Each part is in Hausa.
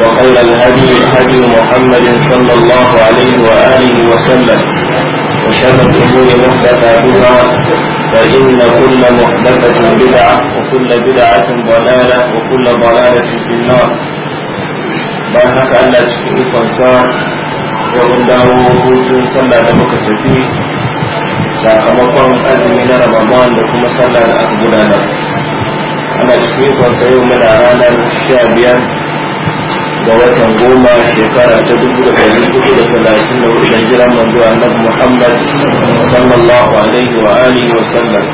وخير الهدي هدي محمد صلى الله عليه وآله وسلم وشر الأمور محدثاتها فإن كل محدثة بدعة وكل بدعة ضلالة وكل ضلالة في النار بارك الله في الفرسان وقل له وجود صلى الله عليه وسلم sakamakon azumi na ramadan da kuma sallah da aka gudanar ana cikin kwanse yau da watan goma shekara ta dubu da ɗari hudu da talatin da hudu jiran manzo annabi Muhammad sallallahu alaihi wa alihi wa sallam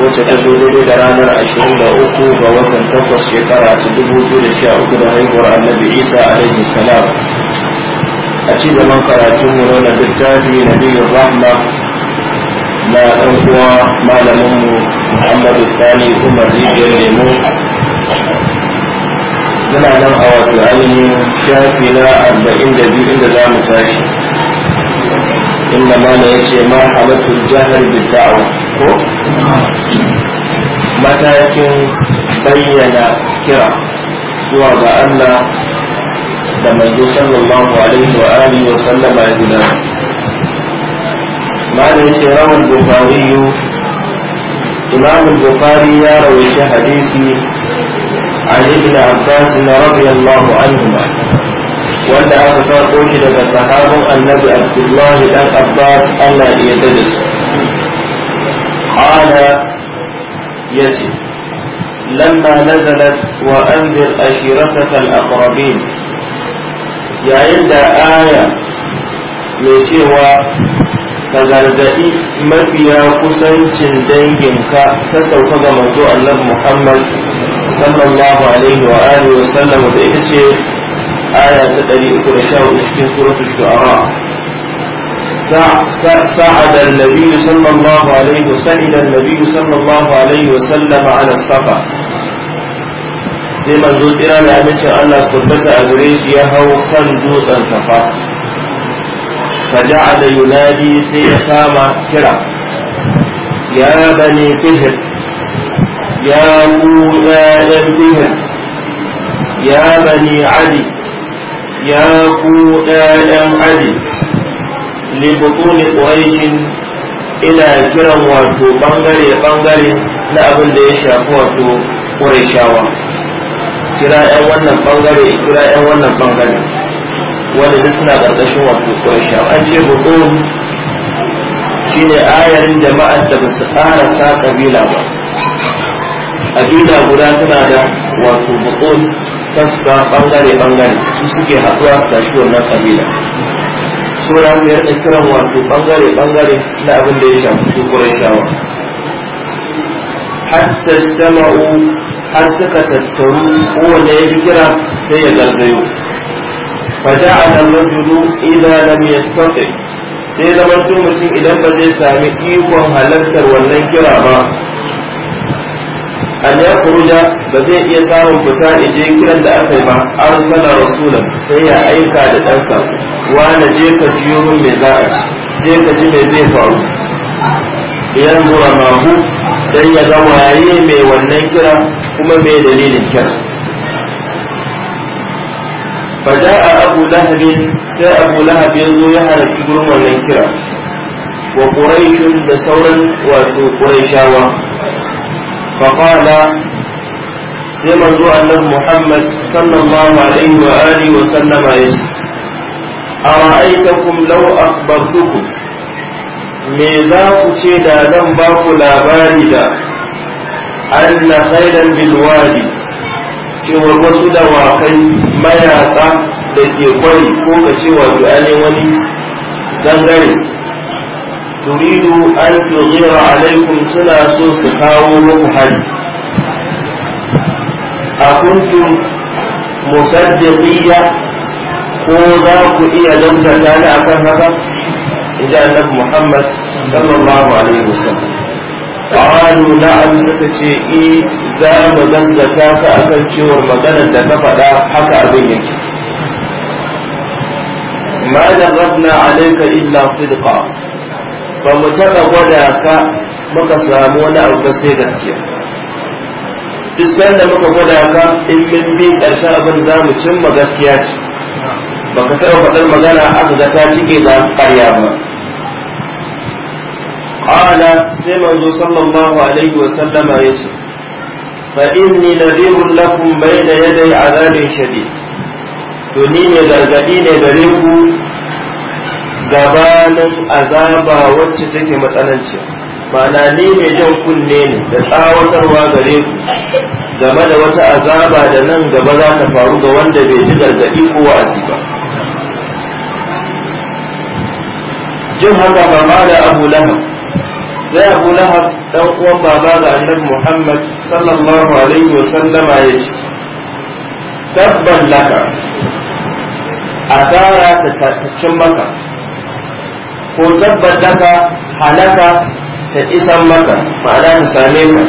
wacce ta zo daidai da ranar ashirin da uku ga watan takwas shekara ta dubu biyu da sha uku da haihuwar annabi Isa alaihi salam a ci gaban karatun mu na littafi na biyu rahma na ɗan uwa malamin mu Muhammadu Sani Umar Rijiyar Lemo yana nan a wato ainihin shafi na arba'in da biyu inda za mu tashi inda mana ya ce ma halattun jihar bidda'awa ko matakin bayyana kira zuwa ga Allah da manzo sallallahu alaihi wa alihi wa sallama ya gina mana ya ce rawar bukari imam bukari ya rawaita hadisi علي بن عباس رضي الله عنهما وانت اخطار توشي لك صحابه النبي عبد الله بن عباس الا يدلس قال يزيد لما نزلت وانذر اشيرتك الاقربين يا عند آية يشوى تزرزئي مبيا قسنت دينك تسوى موضوع الله محمد صلى الله عليه وآله وسلم وذلك آية تدري أكل شاو إشكين سورة الشعراء سعد النبي صلى الله عليه وسعد النبي صلى الله عليه وسلم على الصفا زي ما زود إرانا أن صفت أغريش يهو خندوس الصفا فجعل ينادي سيكام كرا يا بني فهد يا موسى يسبنا يا بني علي يا كودا آدم علي لبطون قريش ina kiran wato بنغري بنغري na abin da ya shafi wato ƙurashawa kira 'yan wannan bangare kira 'yan wannan bangare wanda duk suna ƙarƙashin wato ƙurashawa an ce bukun shine ayarin jama'ar da ba su ƙara sa ƙabila ba aqida guda tana da wato buƙon sassa bangare bangare su suke haɗuwa su tashi wannan kabila sura mu yarda kiran wato bangare bangare na abin da ya shafi su shawa hatta jama'u har suka tattaru kowane ya fi kira sai ya garzayo فجعل الرجل إذا لم يستطع sai zamanto mutum idan ba zai sami ikon halartar wannan kira ba an ya kuruja ba zai iya samun fita ije kiran da aka yi ba arsala rasulan sai ya aika da ɗansa wani je ka jiyo min me za a je ka ji me zai faru yanzu ramahu dan ya ga waye mai wannan kira kuma me dalilin kira فجاء sai abu سي ya zo ya halarci gurin wannan kira wa quraishun da sauran wato quraishawa فقال سيما أنه محمد صلى الله عليه وآله وسلم يجب أرأيتكم لو أخبرتكم me za ku ce da zan ba ku labari da anna khairan bilwadi cewar wasu dawakai mayasa, da ke kwari ko ka ce wato wani zangare turidu an tuzira alaikum suna so su kawo muku hari a kuntum musaddiqiyya ko za ku iya dantata ni akan haka in ji annabi muhammad sallallahu alaihi wasallam qalu na'am suka ce i za mu dangata ka cewar maganar da ka faɗa haka abin yake ma jarrabna illa sidqa ba mu taɓa gwada ka muka samu wani abu ba sai gaskiya duk da muka gwada ka in min bi ƙarshen abin za mu cimma gaskiya ce ka taɓa faɗar magana aka ga ta cike ba ƙarya ba qala sai manzo sallallahu alaihi wa sallama na fa inni nadhirun lakum bayna yaday adabin shadid to ni ne gargadi ne gare ku gabanin azaba wacce take matsananci, ma'ana ni mai jan kunne ne da tsawatarwa gare ku game da wata azaba da nan gaba za ta faru ga wanda bai ji gargaɗi ko wasi ba jin haka mama da abu lahab sai abu lahab dan uwan baba ga annabi muhammad sallallahu alaihi wa sallama ya ce tabban laka asara ta maka ko tabbata ka halaka ta isan maka ma'ana ta same ka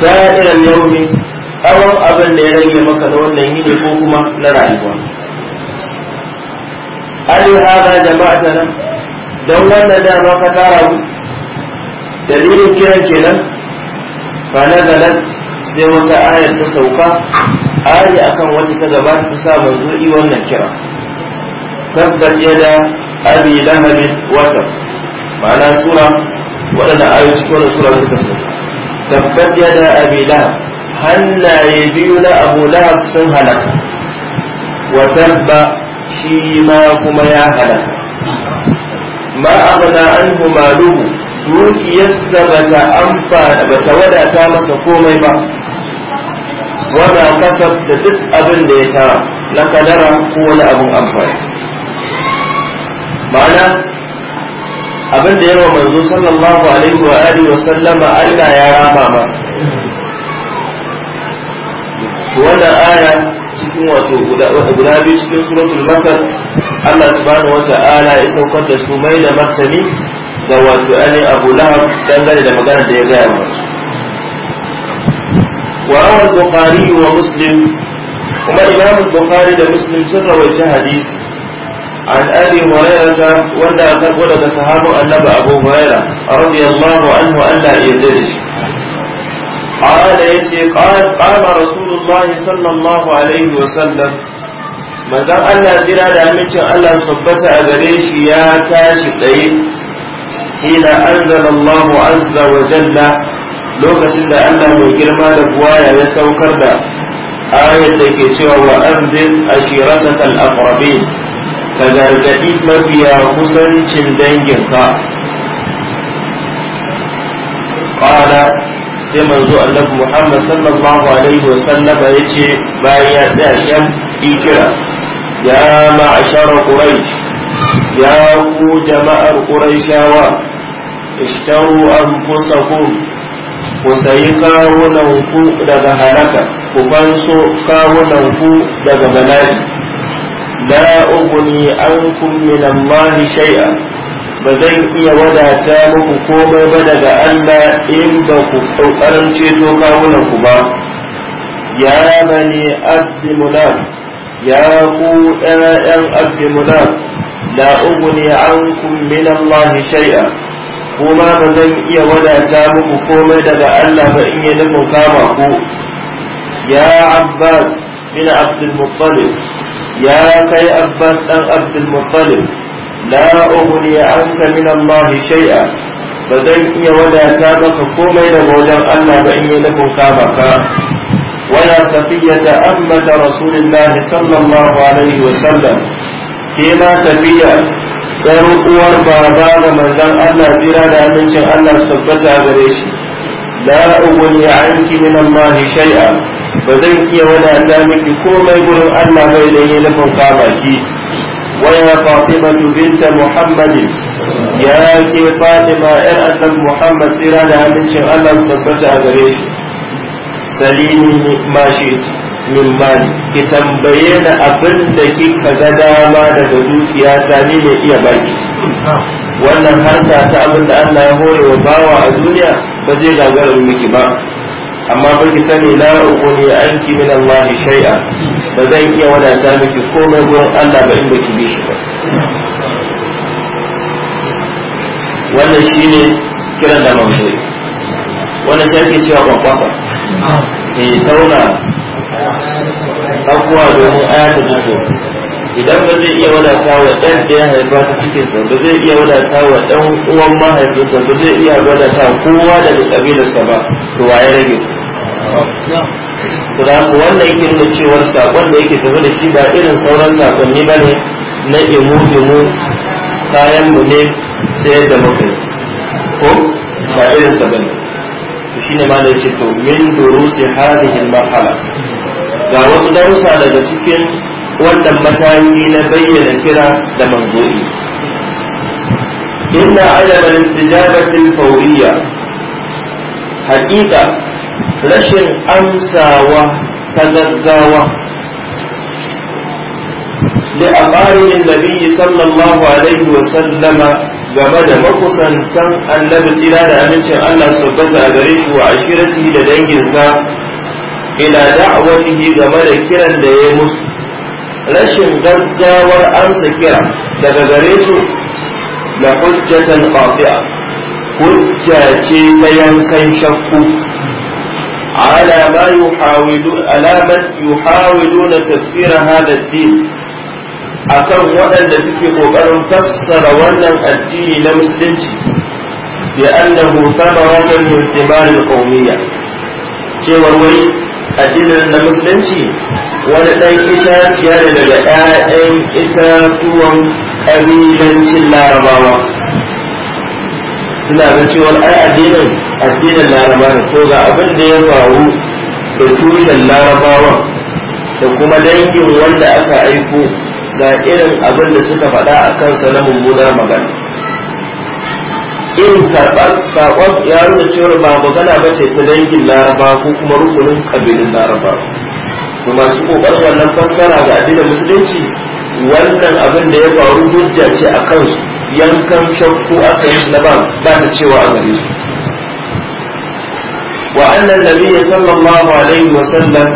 sa'iran yaumi tsawon abin da ya rage maka na wannan yini ko kuma na rayuwa ali hada ta nan don wannan dama ka tara ku dalilin kiran kenan na zanen sai wata ayar ta sauka ari akan wata ta gabata ta sa manzo wannan kira tabbat yada abi lahabin wata ma'ana sura waɗanda ayoyi cikin wannan sura suka so tabbat yada abi lahab hannaye biyu na abu lahab sun halaka wa tabba shi ma kuma ya halaka ma aghna anhu maluhu dukiyarsa bata amfana bata wadata masa komai ba wala kasab da duk abin da ya tara na kadara ko wani abin amfani ma'ana abin da yawa manzo sallallahu alaihi wa alihi wa sallama Allah ya rama masa to wannan aya cikin wato guda biyu cikin suratul masar Allah subhanahu wa ta'ala ya saukar da su mai da martani ga wato Ali, Abu Lahab dangane da maganar da ya gaya masa muslim kuma imam al-bukhari da muslim sun rawaita hadisi. عن أبي هريرة ولا تقول صحاب النبى أبو هريرة رضي الله عنه ألا يدرج قال يتي قال قام رسول الله صلى الله عليه وسلم manzon Allah jira da amincin Allah su tabbata a gare shi ya tashi tsaye hina anzala Allahu azza wa jalla lokacin da Allah mai girma da buwaya ya saukar da ayat da ke cewa wa anzil ashiratakal ka gargaɗi mafiya kusancin danginka ƙwada sai manzo annabi muhammad sallallahu alaihi wa sallama ya ce bayan ya tsaya shan ikira ya shara quraish ya ku jama'ar quraishawa ishtaru kusa ku sayi ku daga halaka ku fanso ku daga bala'i la ughni ankum min Allah shay'a ba zan iya wadata muku komai ba daga Allah in ba ku kokarin ceto kawunan ku ba ya bani abdimulak ya ku ƴaƴan abdimulak la ughni ankum min Allah shay'a kuma ba zan iya wadata muku komai daga Allah ba in ya nufin kama ku ya Abbas bin Abdul ya kai abbas dan abdul muttalib la ughni anka min allah shay'a ba zan iya wadata maka komai daga wajen allah ba in yi nufin kama ka ولا صفية أمة رسول الله صلى الله عليه وسلم كما صفية ترؤور بابا allah لم أنا زرادة من شأن الله سبت عبريش لا أغني عنك من الله شيئا ba zan iya wani wadata miki mai gurin Allah mai da yi nufin kama ki waya Fatima binta Muhammadin ya ke Fatima ‘yar annan Muhammad tsira da amincin Allah su tabbata a gare shi salimi mashi min bani ki tambaye na abin da kika ga dama daga dukiya ta ne mai iya baki wannan harka ta abin da Allah ya hore wa bawa a duniya ba zai gagara miki ba amma ba ki sani la uquni anki min Allah shay'a ba zan iya wadata miki komai gurin Allah ba inda ki bi shi ba wannan shine kiran da mamaye wannan shi ake cewa kwakwasa ne eh, tauna abuwa domin ayata duko idan ba zai iya wadata wa ɗan da ya haifa ta cikin sa ba zai iya wadata wa ɗan uwan mahaifinsa ba zai iya wadata kowa daga ƙabilarsa ba to waye rage ku Kudaku wanda yake nuna cewar sakon da yake tafi da shi ba irin sauran sakonni ba ne na imu-imu kayan mu ne sayar da muka yi. Ko ba irin sa ba Ku shi ne ma da ce to min har da al-marhala. Ga wasu darussa daga cikin wannan mataki na bayyana kira da manzo'i. Inna adama al fauriya al Haƙiƙa rashin amsawa ta gaggawa da abarin nabi sallallahu alaihi wa sallama game da makusantan annabi tsira da amincin Allah su gaza a gare shi wa ashiratihi da danginsa ila da'awatihi game da kiran da ya musu rashin gaggawar amsa kira daga gare su da hujjatan qati'a hujja ce ta yankan shakku على ما يحاولون على من يحاولون تفسير هذا الدين akan waɗanda suke ƙoƙarin fassara wannan addini na musulunci bi annahu thamaratan wajen thimar al-qawmiyya cewa wai addinin na musulunci wani ɗan itaciya ne daga 'ya'yan itatuwan ƙabilancin larabawa suna ga cewa ai addinin addinin laraba ko ga abin da ya faru da tushen larabawa da kuma dangin wanda aka aiko ga irin abin da suka faɗa a kansa na mummunar magana irin karɓar saƙon ya nuna cewa ba magana ba ce ta dangin laraba ko kuma rukunin ƙabilin laraba to masu ƙoƙarin wannan fassara ga addinin musulunci wannan abin da ya faru hujja ce a kansu yankan shakku aka yi na ba ba da cewa a gare su wa annan nabiyyi sallallahu alaihi wa sallam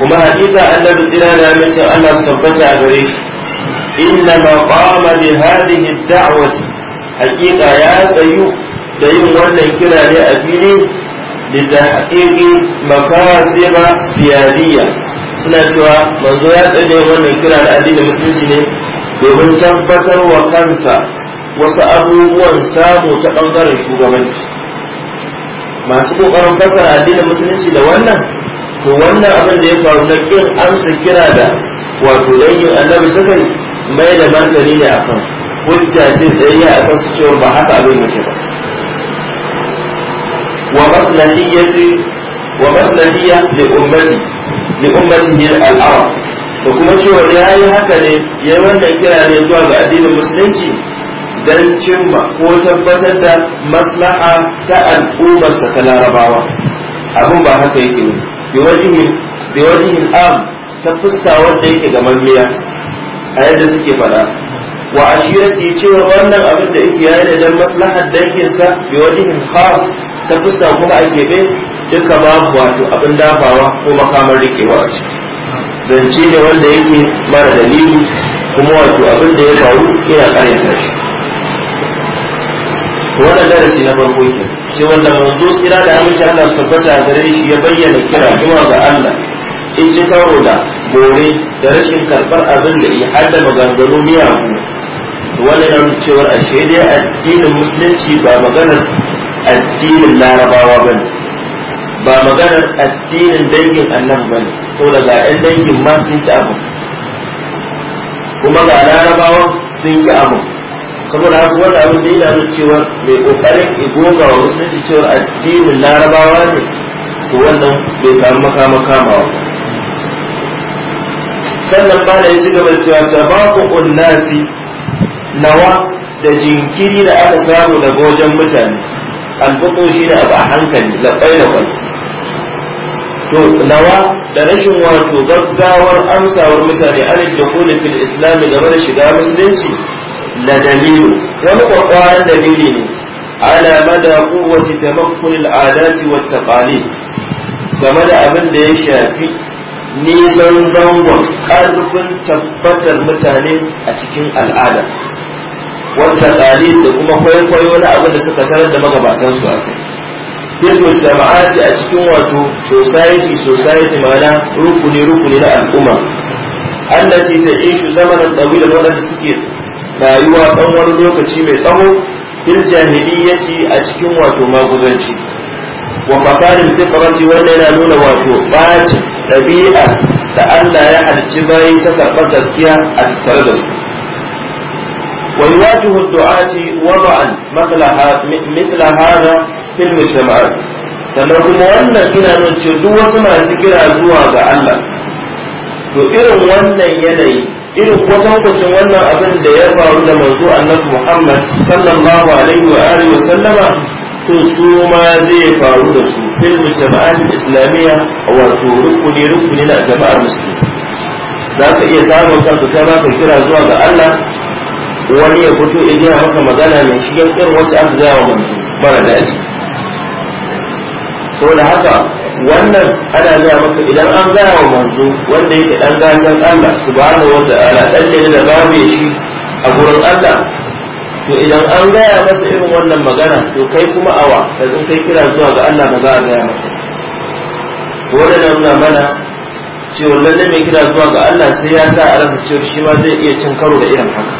kuma haƙiƙa annabi tsira da amincin Allah su tabbata a gare shi inna ma qama bi hadhihi da'wati haƙiƙa ya tsayu da yin wannan kira ne a fili da tahqiqi makasiba siyadiyya suna cewa manzo ya tsaye wannan kira da addinin musulunci ne domin tabbatar wa kansa wasu abubuwan samu ta ɓangaren shugabanci masu ƙoƙarin fasara addinin musulunci da wannan to wannan abin da ya faru na ƙin amsa kira da wato dangin annabi suka yi mai da martani ne kan hujja ce tsayayya kan su cewa ba haka abin yake ba wa maslahiyati wa maslahiya li ummati li ummatihi al-arab da kuma cewa yayi haka ne yayi wannan kira ne zuwa ga addinin musulunci don cimma ko tabbatar da maslaha ta al'ummarsa ta larabawa abin ba haka yake ne bi wajihin am ta fuska wanda yake ga mamliya a yadda suke faɗa wa ashirati cewa wannan abin da yake yayi da dan maslahar danginsa bi wajihin khas ta fuska kuma a gebe duka babu wato abin dafawa ko makamar rikewa a ciki zance ne wanda yake mara dalili kuma wato abin da ya faru yana karanta shi to wannan darasi na farko ke sai wanda manzo kira da aminci Allah su tabbata gare shi ya bayyana kira zuwa ga Allah in ji karo da gore da rashin karɓar abin da ya hada maganganu miyagu wannan yana cewar a shaidai addinin musulunci ba maganar addinin larabawa ba ne ba maganar addinin dangin annabi ba ne ko da ga dangin ma sun ki abin kuma ga larabawa sun ki abin saboda haka wanda abin da yana cewa mai kokarin igoga wa musulunci cewa addinin larabawa ne to wannan bai samu makama kamawa sannan ba da ya ci gaba da cewa ku nasi nawa da jinkiri da aka samu daga wajen mutane alfuko shi ne abu a hankali labai da kwai to nawa da rashin wato gaggawar amsawar mutane an da fil islami game da shiga musulunci la dalilu wani kwakwaran dalili ne ala mada kowace tamakkun al'adati wa taqalid game da abin da ya shafi nisan zangon ƙarfin tabbatar mutane a cikin al'ada wata tsalid da kuma kwaikwayo na abin da suka tarar da magabatansu a kai bil mustama'ati a cikin wato society society ma'ana rukuni rukuni na al'umma allati ta'ishu zamanan tawila waɗanda suke rayuwa ɗan wani lokaci mai tsawo fil jahiliyyati a cikin wato maguzanci wa fasalin sifaranci wanda yana nuna wato baci ɗabi'a da Allah ya halicci bayan ta karɓar gaskiya a tattare da su wa yuwajihu du'ati wada'an mithla hada fil mujtama'at sannan kuma wannan ina nuna duk wasu masu kira zuwa ga Allah to irin wannan yanayi irin kwatankwacin wannan abin da ya faru da manzo annabi Muhammad sallallahu alaihi wa alihi wa sallama to su ma zai faru da su fil mujtama'at islamiyya wato rukuni rukuni na jama'ar musulmi za ka iya samun kanka kai ma ka kira zuwa ga Allah wani ya fito ya gina maka magana mai shigan irin wacce aka gaya wa manzo mara daɗi saboda haka wannan ana gaya maka idan an gaya wa manzo wanda yake dan gajen Allah subhanahu wata'ala dan ne da babu shi a gurin Allah to idan an gaya masa irin wannan magana to kai kuma awa sai kai kira zuwa ga Allah ba za a gaya masa wannan nuna mana wannan ne mai kira zuwa ga Allah sai ya sa a rasa cewa shi ma zai iya cin karo da irin haka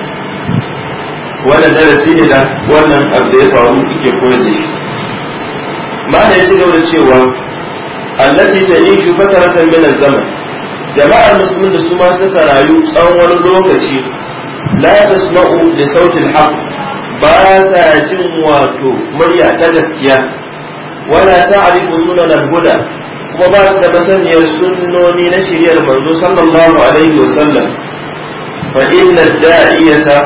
wannan darasi ne da wannan abu da ya faru yake koyar da shi ma da ya ci gaba da cewa allati ta'ishu fataratan min az-zaman jama'ar musulmin da su ma suka rayu tsawon wani lokaci la tasma'u li sautil haqq ba sa jin wato murya ta gaskiya wala ta'rifu sunan al-huda kuma ba su da masaniyar sunnoni na shiriyar manzo sallallahu alaihi wasallam fa inna da'iyata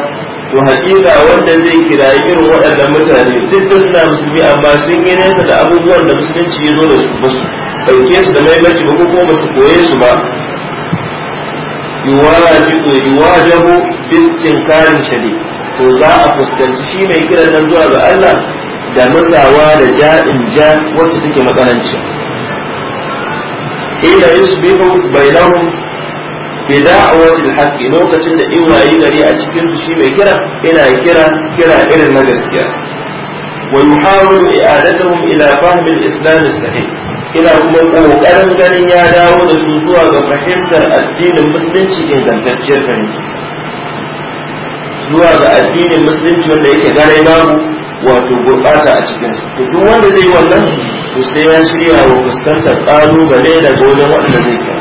to hakika wanda zai kirayi irin waɗannan mutane duk da suna musulmi amma sun yi nesa da abubuwan da musulunci ya zo da su ɗauke su da mai ba ko ba su koye su ba yuwajabu karin shari to za a fuskanci shi mai kira nan zuwa ga Allah da masawa da ja'in ja wacce take matsananci ila yusbihu bainahum bi da'wati al lokacin da in gari a cikin su shi mai kira ina kira kira irin na gaskiya ويحاول إعادتهم إلى فهم الإسلام الصحيح ina kuma ƙoƙarin ganin ya dawo da su zuwa ga fahimtar addinin musulunci ingantacciyar fahimta zuwa ga addinin musulunci wanda yake gare babu wato gurɓata a cikinsa duk wanda zai wannan to sai ya shirya wa fuskantar ƙalubale daga wajen wanda zai kai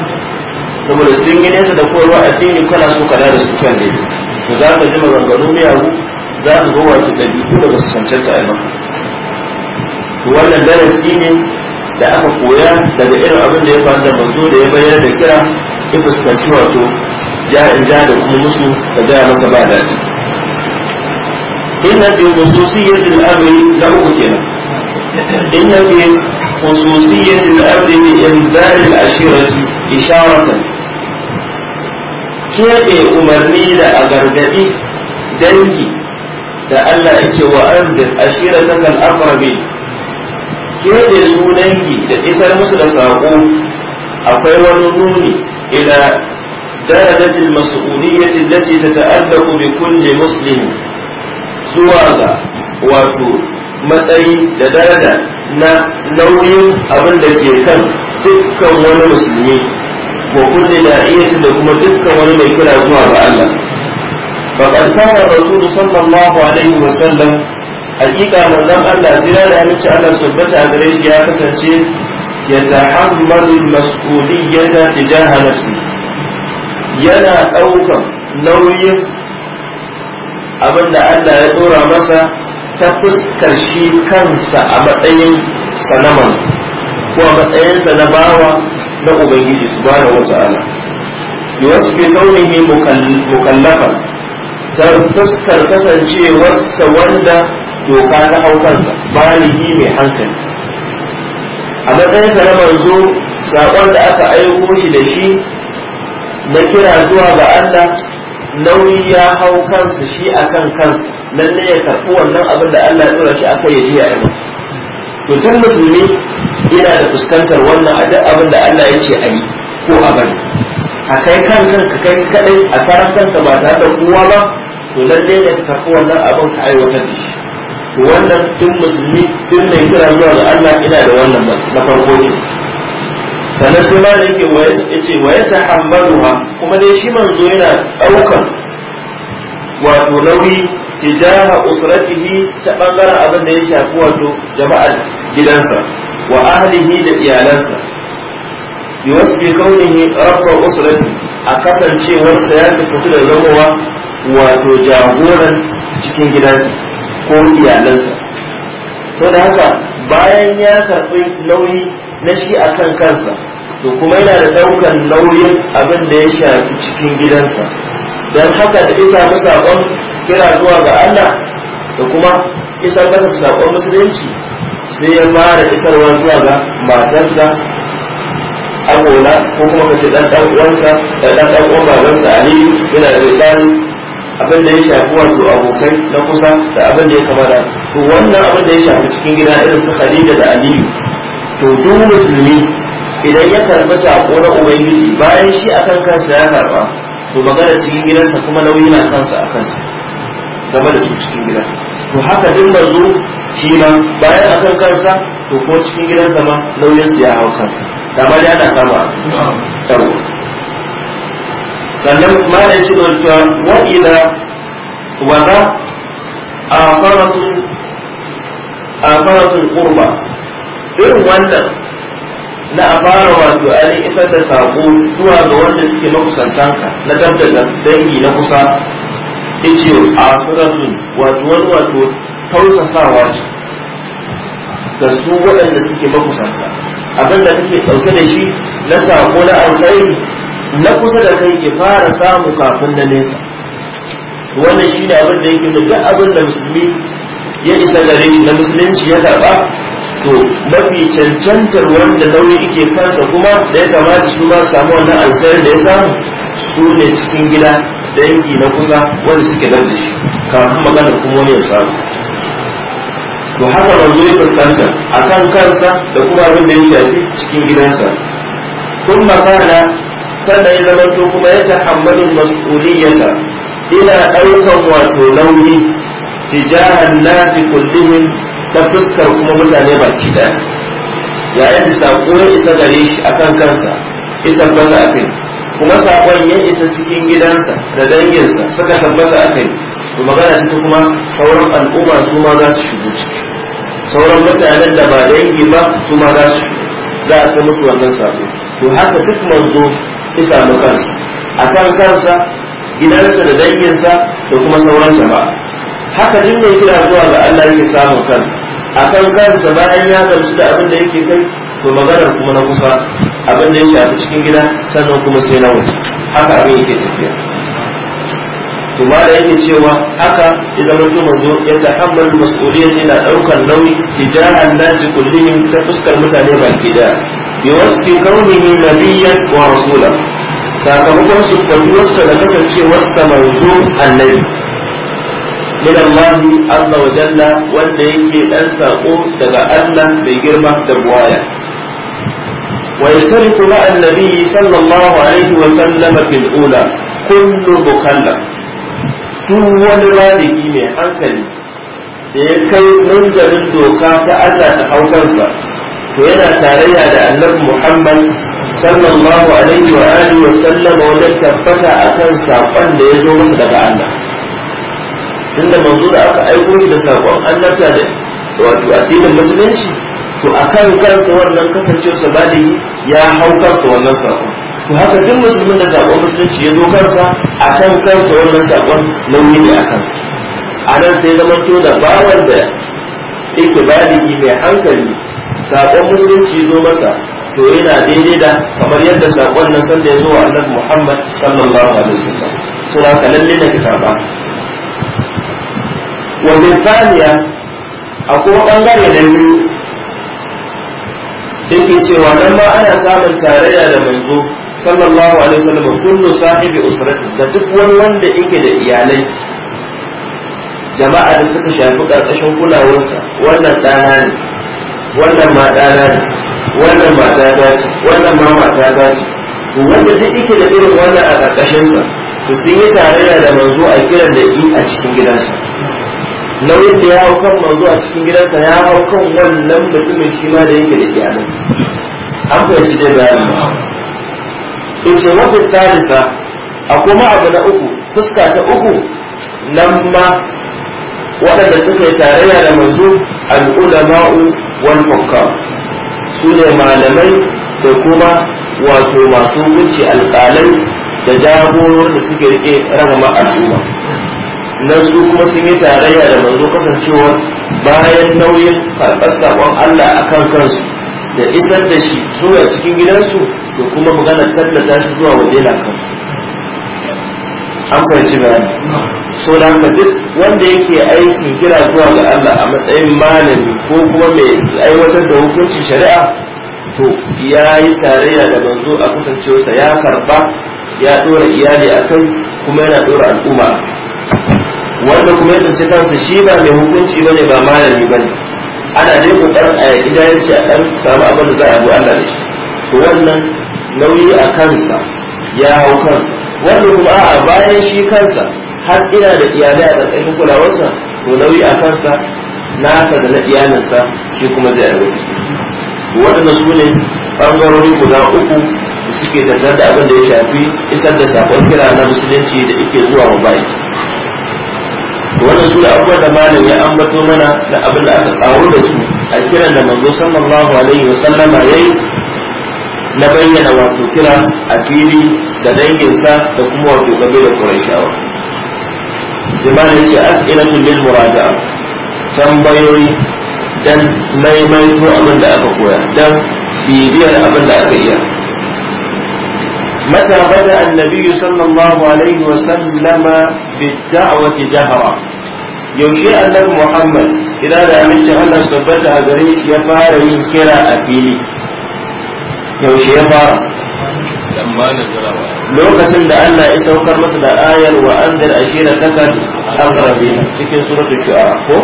saboda sun yi nesa da koyarwa addini kana so ka da su kan ne za ka ji maganganu miyagu za ka zo wato ɗabi'u da ba su cancanta a maka wannan darasi ne da aka koya daga irin abin da ya faru da manzo da ya bayar da kira ya fuskanci wato ja in ja da kuma musu da gaya masa ba daɗi inna bi khususiyyati al-amri la ukina inna bi khususiyyati al-amri bi inzal al-ashirati isharatan kebe umarni da a gargadi dangi da Allah ya ce wa anzir ashira al-aqrabi ke da sunan ki da isar musu da sako akwai wani nuni ila درجة tata'allaqu bi kulli muslim zuwa ga. wato matsayi da daraja na nauyin abin da ke kan dukkan wani musulmi ko kulli da'iyatin da kuma dukkan wani mai kira zuwa ga Allah فقد كان الرسول صلى الله عليه وسلم حقيقة من ذم الله زلال أمتش على سبت أدريج يا فتنشي يتحمل المسؤولية تجاه نفسه ينا أوكا نوي abin da Allah ya dora masa ta fuskar shi kansa a matsayin sanaman ko a matsayinsa na bawa na Ubangiji subhanahu wa ta'ala yuwasfi kaunihi mukallafan don fuskar kasancewarsa wanda doka ta haukansa, kansa baligi mai hankali a matsayinsa na manzo saƙon da aka aiko shi da shi na kira zuwa ga Allah nauyi ya hau kansa shi akan kansa lalle ya karɓi wannan abin da Allah ya shi aka yi ji a yi to duk musulmi yana da fuskantar wannan a duk abin da Allah ya ce a yi ko a bari a kai kan kanka kai kadai a karan kanka ba tare da kowa ba to lalle ne ka karɓi wannan abin ka aiwatar da shi to wannan duk musulmi duk mai kira zuwa ga Allah ina da wannan na farko ce sanan sai ma da yake yace wa yatahammaluha kuma dai shi manzo yana ɗaukar wato nauyi tijaha usratihi ta bangaren abin da ya shafi wato jama'ar gidansa wa ahlihi da iyalansa bi wasu kaunin kaunihi rabbar usrati a kasancewarsa ya tafi da zamowa wato jagoran cikin gidansa ko iyalansa to da haka bayan ya karɓi nauyi na shi a kan kansa to kuma yana da ɗaukar nauyin abin da ya shafi cikin gidansa don haka da isa mu saƙon kira zuwa ga Allah da kuma isa masa saƙon musulunci sai ya fara isarwa zuwa ga matarsa agola ko kuma kace dan dan uwansa da dan dan uwan babansa Aliyu yana da ɗan abin da ya shafi wato abokai na kusa da abin da ya kama da to wannan abin da ya shafi cikin gida irin su Khadija da Aliyu to duk musulmi idan ya karɓi sako na ubangiji bayan shi akan kansa ya karba to magana cikin gidansa kuma nauyi na kansa a kansa game da su cikin gida to haka duk manzo shi ma bayan akan kansa to ko cikin gidansa ma nauyin su ya hau kansa da ma ya na kama a sannan malam shi da cewa wa ila wa za a sanatun kurba irin wannan na a fara wato ainihin isar da sako zuwa ga wanda suke makusantanka na dabda dangi na kusa a sanatun wato wani wato tausasawa ga su waɗanda suke makusanta abinda kake ɗauke da shi na sako na alkhairi na kusa da kai ke fara samu kafin na nesa wannan shi ne abin da yake da duk abin da musulmi ya isa gare na musulunci ya karba to mafi cancantar wanda nauyi ike kansa kuma da ya kamata su ma samu wannan alfayar da ya samu su ne cikin gida dangi na kusa wanda suke nan da shi kafin magana kuma wani ya samu to haka manzo ya fuskanta kan kansa da kuma abin da ya shafi cikin gidansa kun kana sannan ya zama to kuma ya hammalin mas'uliyata ina ɗaukan wato nauyi tijahan nasi kullihim ta fuskar kuma mutane baki daya yayin da sako ya isa gare shi akan kansa ya tabbata a kai kuma sakon ya isa cikin gidansa da danginsa suka tabbata a kai to magana ta kuma sauran al'umma su ma za su shigo ciki sauran mutanen da ba dangi ba su ma za su shigo za a kai musu wannan sako to haka duk manzo isa samu kansa a kan kansa gidansa da danginsa da kuma sauran ba haka duk mai kira zuwa ga Allah yake samun kansa a kan kansa bayan ya gamsu da abin da yake kai to maganar kuma na kusa abin da ya shafi cikin gida sannan kuma sai na waje haka abin yake tafiya to ma da yake cewa haka ya zama manzo ya tahammal mas'uliyati na daukar nauyi tijahan nasi kullihim ta fuskar mutane baki daya biwasfi kaunihi nabiyyan wa rasula sakamakon su kwalwarsa da kasancewarsa manzo annabi min Allah azza wa jalla wanda yake dan sako daga Allah mai girma da buwaya wa yashtariku ma'a annabi sallallahu alaihi wa sallama fil ula kullu duk wani baligi mai hankali da ya kai munzalin doka ta Allah ta hau to yana tarayya da annabi Muhammad sallallahu alaihi wa alihi wa sallam wajen tabbata akan sakon da ya zo masa daga Allah tunda manzo da aka aiko shi da sakon ta da wato addinin musulunci to akan kansa wannan kasancewarsa baligi ya hau kansa wannan sakon to haka duk musulmin da sakon musulunci ya zo kansa a kan kansa wannan sakon nauyi ne a kansa a nan sai zama to da bawan da yake baligi mai hankali sakon musulunci ya zo masa to yana daidai da kamar yadda sakon nan sanda ya zo wa annabi Muhammad sallallahu alaihi wasallam to lalle da ka karba wa min akwai bangare da biyu yake cewa nan ma ana samun tarayya da manzo sallallahu alaihi wasallam kullu sahibi usrati da duk wani wanda yake da iyalai jama'a da suka shafi karkashin kulawarsa wannan dana ne wannan ma dana ne wannan ma ta ce wannan ma ma ta ce wanda duk yake da irin wannan a sa to sun yi tarayya da manzo a kiran da yi a cikin gidansa nauyin da ya hau kan manzo a cikin gidansa ya hau kan wannan mutumin shi ma da yake da iyalai an fahimci dai bayanin In ce wafi tsarisa a kuma abu na uku fuska ta uku nan ma waɗanda suka yi tarayya da manzo al'ulama'u wal su ne malamai da kuma wato masu wuce alƙalai da jagorar da suke rike rama ma'asuma nan su kuma sun yi tarayya da manzo kasancewa bayan nauyin karɓar saƙon Allah a kan kansu da isar da shi zuwa cikin gidansu to kuma magana tallata shi zuwa waje na kan an fahimci bayani so da haka duk wanda yake aikin kira zuwa ga Allah a matsayin malami ko kuma mai aiwatar da hukuncin shari'a to ya yi tarayya da manzo a kasancewarsa ya karba ya dora iyali a kai kuma yana dora al'umma wanda kuma ya tsinci kansa shi ba mai hukunci bane ba malami bane ana dai kokarin a yaki jahilci a ɗan samu abin da za a bu Allah da shi to wannan nauyi a kansa ya hau kansa wanda kuma a'a bayan shi kansa har ina da iyalai a ƙarƙashin kulawarsa to nauyi a kansa na nasa da na iyalinsa shi kuma zai rabu waɗanda su ne ɓangarori guda uku da suke tattar da abin da ya shafi isar da saƙon kira na musulunci da ike zuwa wa bayi wannan su da abubuwan da malam ya ambato mana da abin da aka kawo da su a kiran da manzo sallallahu alaihi wa sallama yayi na bayyana wato kira a fili da danginsa da kuma wato gabe da Qurayshawa sai malam ce as'ilatu lil muraja'a tambayoyi dan maimaito abin da aka koya dan bibiyar abin da aka iya متى بدأ النبي صلى الله عليه وسلم بالدعوة جهرا يوشي أنه محمد إذا لا أمنش أن أثبت أدريش يفار ينكر أفيلي يوشي يفار lokacin da Allah ya saukar masa da ayar wa an da ashira takar akrabi cikin suratul shu'ara ko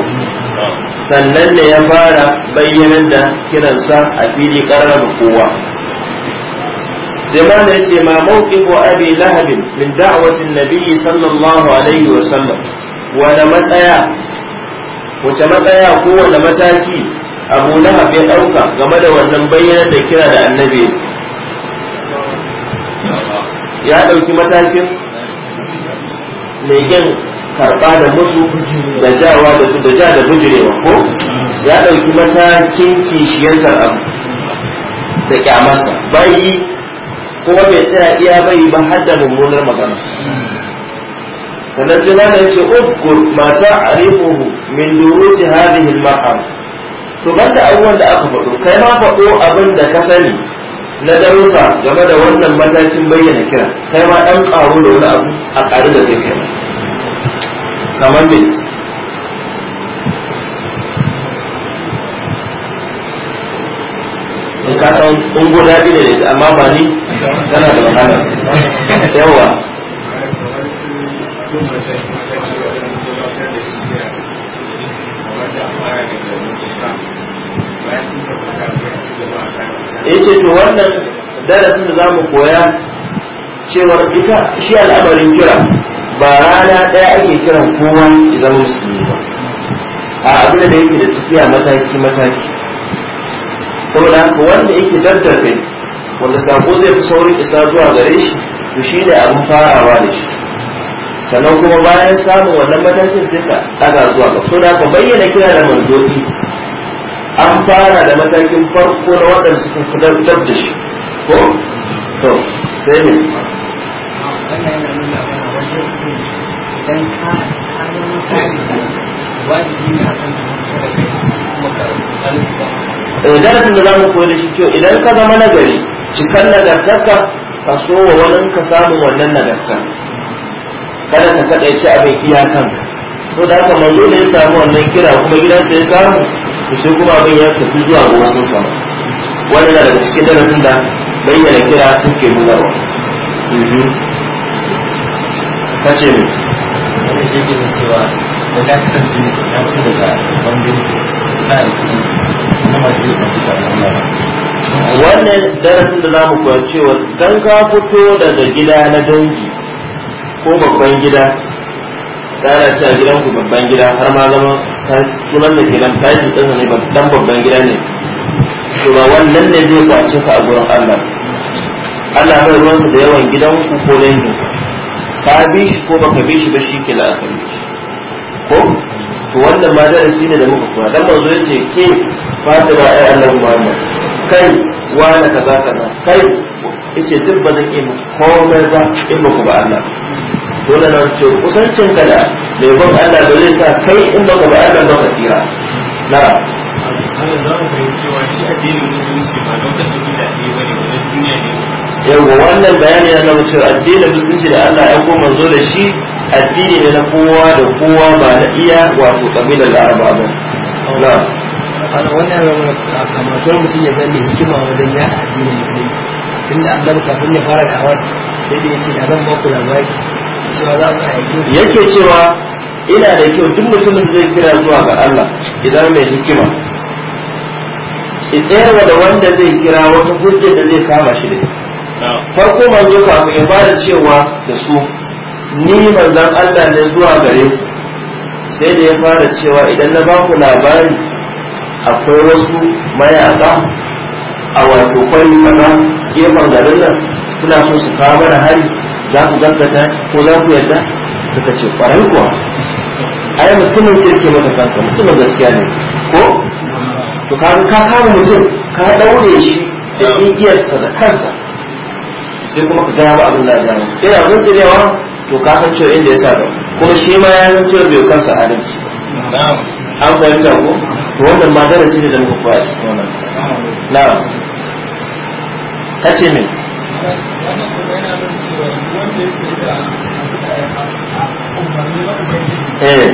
sannan ne ya fara bayyanar da kiransa a fili karar kowa sai ma da yace ma mawqifu abi lahab min da'wati an-nabi sallallahu alaihi wa sallam wala matsaya wace matsaya ko wala mataki abu lahab ya dauka game da wannan bayyana da kira da annabi ya dauki matakin legen karba da musu da jawa da da ja da bujirewa ko ya dauki matakin kishiyantar abu da kyamarsa bai kuma bai tsaya iya bai ba har da mummunar magana sannan sai na yace ukku ma ta'rifuhu min durusi hadhihi al-maqam to banda abubuwan da aka faɗo kai ma faɗo abin da ka sani na darusa game da wannan matakin bayyana kira kai ma ɗan ƙaro da wani abu a ƙari da kai kamar me in ka san in da biyu ne amma ba ni yana da wahala yawa ya ce to wannan darasin da za mu koya cewa ita shi al'amarin kira ba rana ɗaya ake kiran kowa idan musulmi ba a abin da yake da tafiya mataki mataki saboda haka wanda yake dantar kai wanda sako zai fi saurin isa zuwa gare shi to shi ne abin farawa da shi sannan kuma bayan samun wannan matakin sai ka daga zuwa ga so da ka bayyana kira da manzobi an fara da matakin farko na waɗanda suka kudar da shi ko to sai ne eh, darasin da za mu koyi da shi kyau idan ka zama nagari cikin nagartarka ka so wa wannan ka samu wannan nagartar kada ka taɗaice abin iyakan so da haka manzo ne ya samu wannan kira kuma gidansa ya samu to sai kuma abin ya tafi zuwa ga wasu sama wannan na daga cikin darasin da bayyana kira suke nunarwa mhm. ka ce ne wani shi ke cewa da dakatar jini ya fito daga bangare na aiki na masu yi a cikin ba. wannan darasin da zamu koya cewa dan ka fito daga gida na dangi ko babban gida kana cewa gidan ku babban gida har ma zama sunan da nan kaji tsana ne dan babban gida ne to ba wannan ne zai kwace ka a gurin Allah Allah bai ruwansa da yawan gidan ku ko dangin ka bi shi ko baka bi shi ba shi ke la'akari ko to wannan ma darasi ne da muka koya dan manzo yace ke fatima ai Allah mu kai wani kaza kaza kai ce duk ba zan iya komai ba in ba ku ba Allah dole na ce kusancin ka da mai ban Allah ba zai sa kai in ba ku ba Allah ba ka tsira na yawwa wannan bayani na zama cewa addinin musulunci da Allah ya ko manzo da shi addini ne na kowa da kowa ba na iya wato kabilar laraba ba ana wannan ranar kamatuwar mutum ya zama hikima wajen ya addinin musulunci inda da annabi kafin ya fara da'awar sai da ya ce da zan baku labari cewa za mu aiki yake cewa ina da kyau duk mutumin zai kira zuwa ga Allah idan mai hikima tsayarwa da wanda zai kira wata hujjar da zai kama shi da farko manzo kafin ya fara cewa da su ni manzan Allah ne zuwa gare ku sai da ya fara cewa idan na baku labari akwai wasu mayaka a wato kwari kaza gefen garin nan suna so su kawo mana hari za ku gaskata ko za ku yarda suka ce kwarai kuwa ai mutumin kirki maka sanka mutumin gaskiya ne ko to ka ka kama mutum ka daure shi da igiyarsa da kansa sai kuma ka gaya ba abin da ya masa ina mun tsirewa to ka san cewa inda ya sa gaba kuma shi ma ya san cewa bai kansa adalci an fahimta ko to wannan ma darasi ne da muka koya a cikin wannan na kace me eh.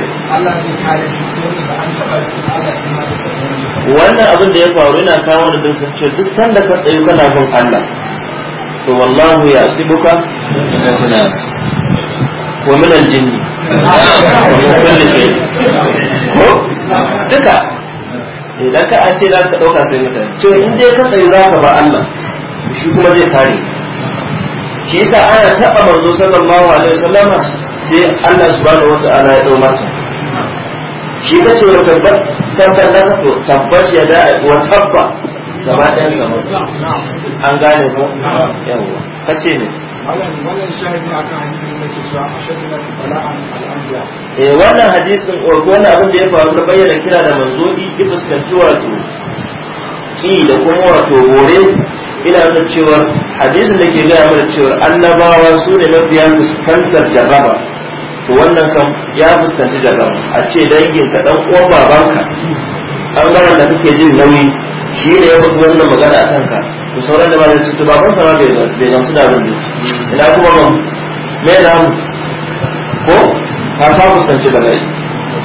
wannan abin da ya faru yana kawo da sun ce duk sanda ka tsaye kana bin Allah to wallahu ya sibuka da wa min aljinni wa min ko duka idan ka a ce za ka ɗauka sai mutane to in dai ka tsayi za ka ba Allah shi kuma zai kare shi yasa ana taɓa manzo sallallahu alaihi wasallama sai Allah subhanahu wata'ala ya ɗau mata. shi ka ce wa tabbat da na to tabbas ya da wa tabba gaba ɗayan gaba an gane ko yawwa ka ne eh wannan hadisin orgo wani abin da ya faru na bayyana kira da manzo ki fuskanci wato ki da kuma wato gore ina da cewa hadisin da ke gaya mana cewa annabawa su ne mafiya fuskantar jarraba to wannan kam ya fuskanci jarraba a ce dangin ka dan uwan babanka an da kake jin nauyi shi ne ya faɗi wannan magana a kanka Ku sauran da ba da cikin baban sama bai gamsu da abin ina kuma ban na ko ta fuskanci da gari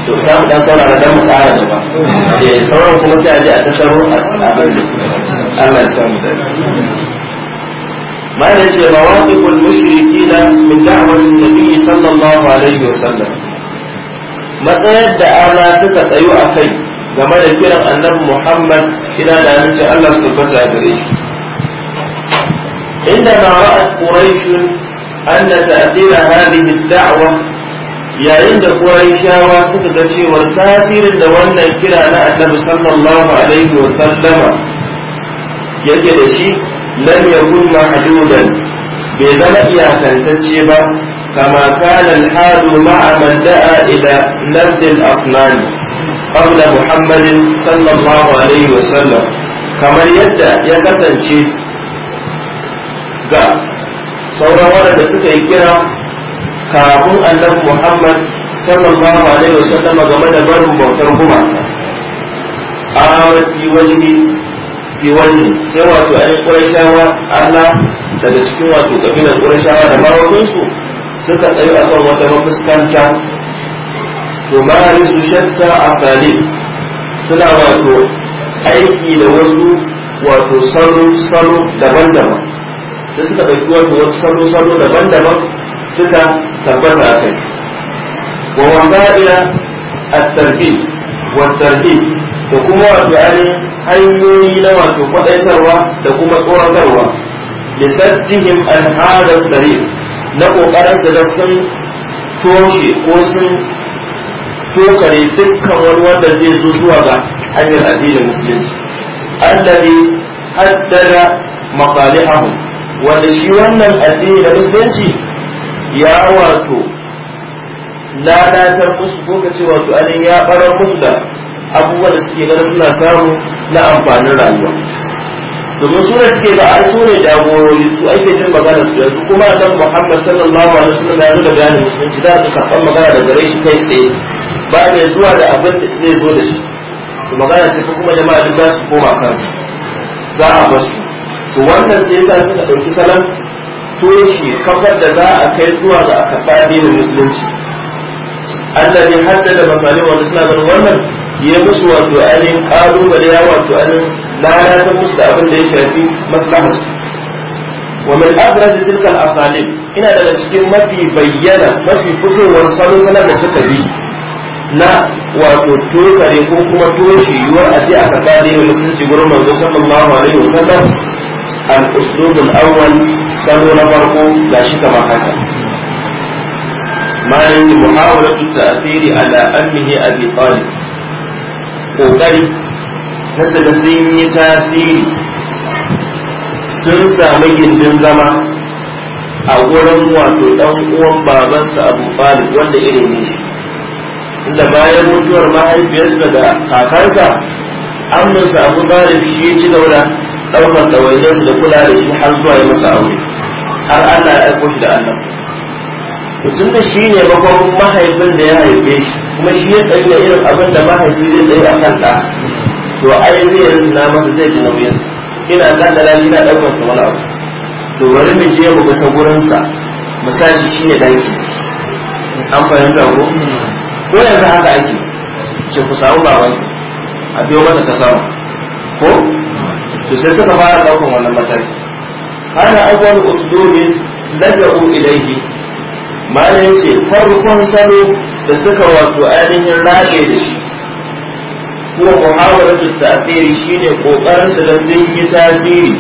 to mu dan saurara mu tsara da ba eh, sauran kuma sai a a a Allah ya samu da ما يجي مواقف المشركين من دعوة النبي صلى الله عليه وسلم matsayar da ana suka tsayu a kai game da kiran annabi Muhammad ina da aminci Allah tabbata عندما رأت قريش أن تأثير هذه الدعوة يا عند قريش وسكتشي والتأثير دولنا كلا النبي صلى الله عليه وسلم يجلشي لم يكن محدودا بذلك يا تنتشي كما كان الحال مع من دعا إلى نبذ الأصنام قبل محمد صلى الله عليه وسلم كما يدعى يكسن ga sauran waɗanda suka yi kira kafin annabi Muhammad sallallahu alaihi wasallam game da barin bautar kuma a fi wajhi fi wani sai wato ayin ƙurashawa Allah daga cikin wato kabilar ƙurashawa da marokinsu suka a akan wata mafuskanta to marisu shatta sali suna wato aiki da wasu wato salo-salo daban-daban sai suka ɗauki wata wasu salo-salo daban-daban suka tabbata a kai wa wasa'ila at-tarhib wa tarhib da kuma wato ainihin hanyoyi na wato kwaɗaitarwa da kuma tsoratarwa lisattihim an hada tsari na ƙoƙarin da sun toshe ko sun tokare dukkan wani wanda zai zo zuwa ga hanyar addinin musulunci allazi haddara masalihahum wanda shi wannan addini da musulunci ya wato ladatar musu ko ce wato anin ya fara musu da abubuwan da suke ganin suna samu na amfanin rayuwa domin su ne suke da a su ne jagorori su ake jin magana su yanzu kuma dan Muhammad sallallahu alaihi wasallam ya zo da bayanin musulunci da su karɓar magana da gare shi kai tsaye ba mai zuwa da abin da zai zo da shi su magana sai kuma jama'a duk za su koma kansu za a basu to wannan sai yasa suka ɗauki salon toshe kafar da za a kai zuwa ga aka kafa da musulunci Allah ne haddada masalin wanda suna ganin wannan ya musu wato ainihin ƙalubale ya wato ainihin lalata musu da abin da ya shafi maslahar wa min abrad tilka al-asalib ina daga cikin mafi bayyana mafi fitowar salon da suka bi na wato tokare ko kuma toshe yiwuwar aje a kafa da musulunci gurin manzo sallallahu alaihi sallam الأسلوب الأول سلو نفرقو لا شك ما حكى ما محاولة التأثير على أمه أبي طالب ƙoƙari na sun yi tasiri sun sami gindin zama a wurin wato ɗan uwan babansa abu talib wanda irin ne shi inda bayan mutuwar mahaifiyarsa da kakansa amnansa abu talib shi ya ci ɗaukar su da kula da shi har zuwa ya masa aure har Allah ya aiko shi da Allah mutum da shi ne bakon mahaifin da ya haife shi kuma shi ya tsayi da irin abin da mahaifi zai tsaye a kanta ɗa to ai zai rizina masa zai ji nauyinsa ina ƙadara na ɗaukar sa wani abu to bari mu je mu ga ta sa misali shi ne danki an fahimta ko ko yanzu haka ake ce ku samu babansa a biyo masa ta samu. ko to sai suka fara daukan wannan mataki hada awwal uslubin laja'u ilayhi malam ce farkon salo da suka wato ainihin rage da shi kuma muhawaratu tafiri shine kokarin su da sun yi tasiri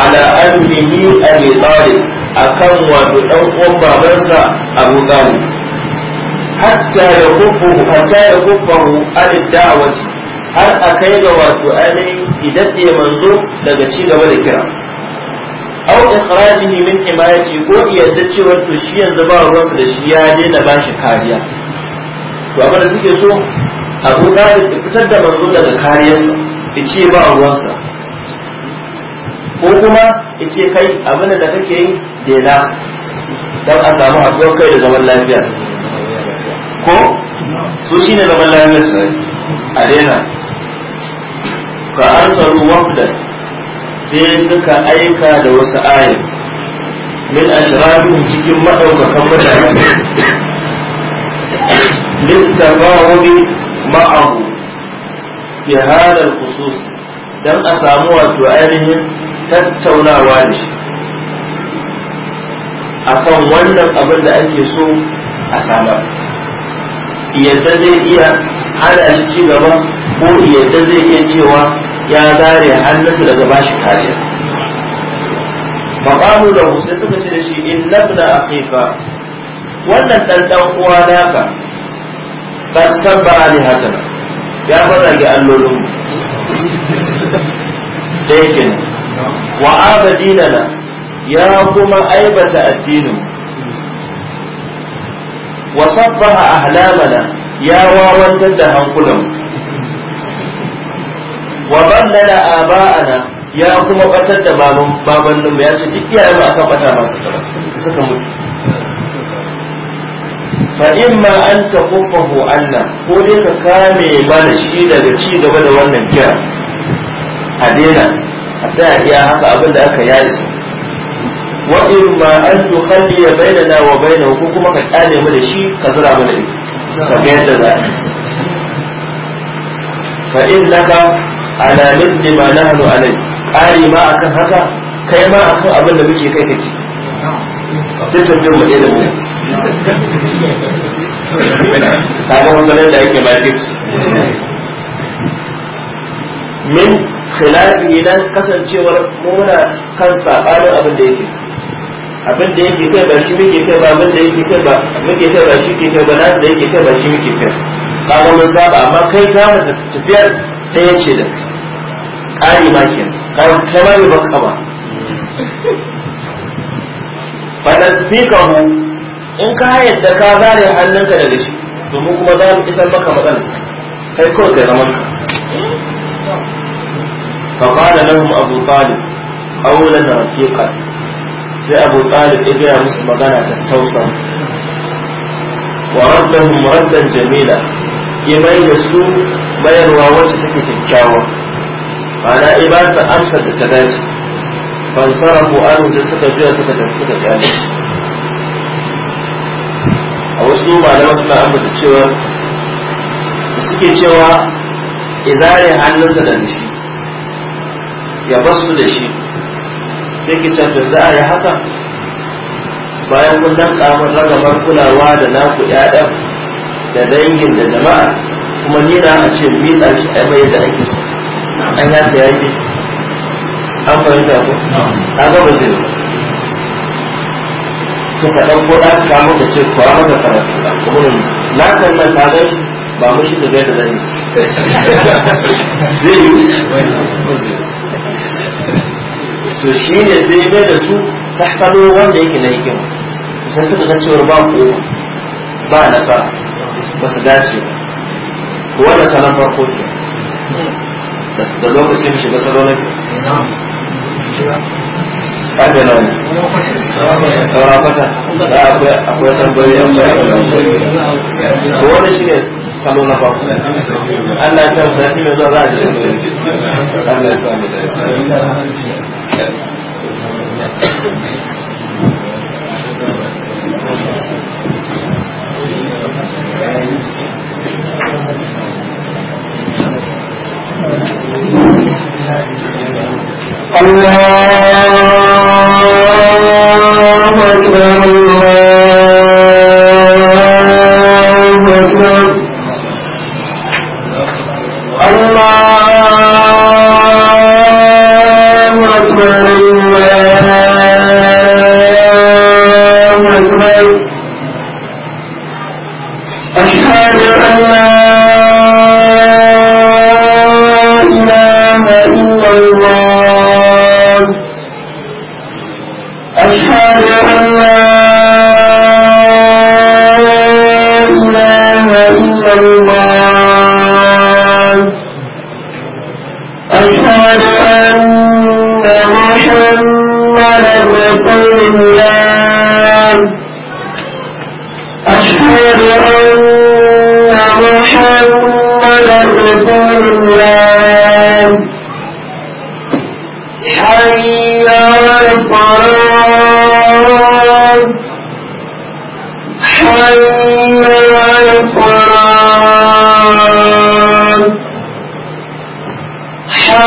ala anbihi abi talib akan wato dan uwan babansa abu talib hatta ya kufu hatta ya kufu al da'wati har akai ga wato ainihin idan ya manzo daga ci gaba da kira au ikhrajihi min himayati ko yadda cewa to shi yanzu ba sa da shi ya daina ba shi kariya to amma da suke so abu da ya fitar da manzo daga kariyarsa ya ce ba ruwan sa. ko kuma ya ce kai abin da kake yi daina don a samu haɗuwar kai da zaman lafiya ko su shine zaman lafiyar a daina ka arsalu wafda sai suka aika da wasu ayin min ashrabin cikin madaukakan mutane min tabawudi ma'ahu ya hada khusus dan a samu wato ainihin tattaunawa ne. akan wannan abin da ake so a samar yadda zai iya hana shi ci gaba ko yadda zai iya cewa ya zare hannunsa daga bashi kariya maƙamu da sai suka ce da shi in a aqifa wannan dan dan uwa naka ba sabba alihatana ya fara ga allolin da yake wa na? ya kuma aibata addinin wa sabbaha ahlamana ya wawantar da hankulan wa a aba'ana ya kuma batar da baban babannin ya ce duk iyayen mu aka bata masu suka mutu fa imma an taqaffahu Allah ko dai ka kame mana shi daga ci gaba da wannan kira a daina a tsaya iya haka abin da aka yayi wa imma an tukhalliya bainana wa bainahu ko kuma ka kame mu da shi ka zura mu da ka yadda za fa innaka ala mithli ma nahnu alai qari ma akan haka kai ma akan abin da muke kai kake duk tafiyar mu da mu Sabon ga wannan da yake ba duk min khilafi nan kasancewar mu muna kan sabanin abin da yake abin da yake kai ba shi muke kai ba abin da yake kai ba muke kai ba shi ke kai ba nan da yake kai ba shi muke kai ba ga mun saba amma kai ka mu tafiyar ɗaya ce da kai ma ke kai kai ma ba ka ba mu in ka yadda ka zare hannunka daga shi domin kuma za mu isar maka matsalar kai kawai kai zaman ka fa qala lahum abu talib qawlan rafiqan sai abu talib ya gaya musu magana ta tausa wa raddahum raddan jamila ya bayyana da su bayarwa wacce take kyakkyawa ana ya ba su amsa da ta dace ban sarrafu an sai suka je suka tafi suka kyale a wasu malaman suna ambata cewa suke cewa izare hannunsa da shi ya basu da shi sai ki canza za a yi haka bayan kun dan samun ragamar kulawa da naku ƴaƴan da dangin da jama'a kuma ni na a ce mi da shi a mai da ake so an ya ta yaki an fahimta ko a ga ba zai ka ɗan ko ɗan kamar da ce kuwa masa karatu a kuma na san nan ta gan ba mu shi da zai da zai zai yi to shi ne sai mai da su ta salo wanda yake na yake sai suka ga cewar ba ku ba nasara ba su dace ko wanda salon farko ke da lokacin shiga salo na Sabe na wani? Saura kwata? Akwai tambayi yan bayan da wani shi ne salo na farko. Allah ya tamsa shi mai zuwa za a ji salo. Allah ya sami da ya Allah وأن محمدا رسول الله أشهد أن محمدا رسول الله حي على الصلاة حي على الصلاة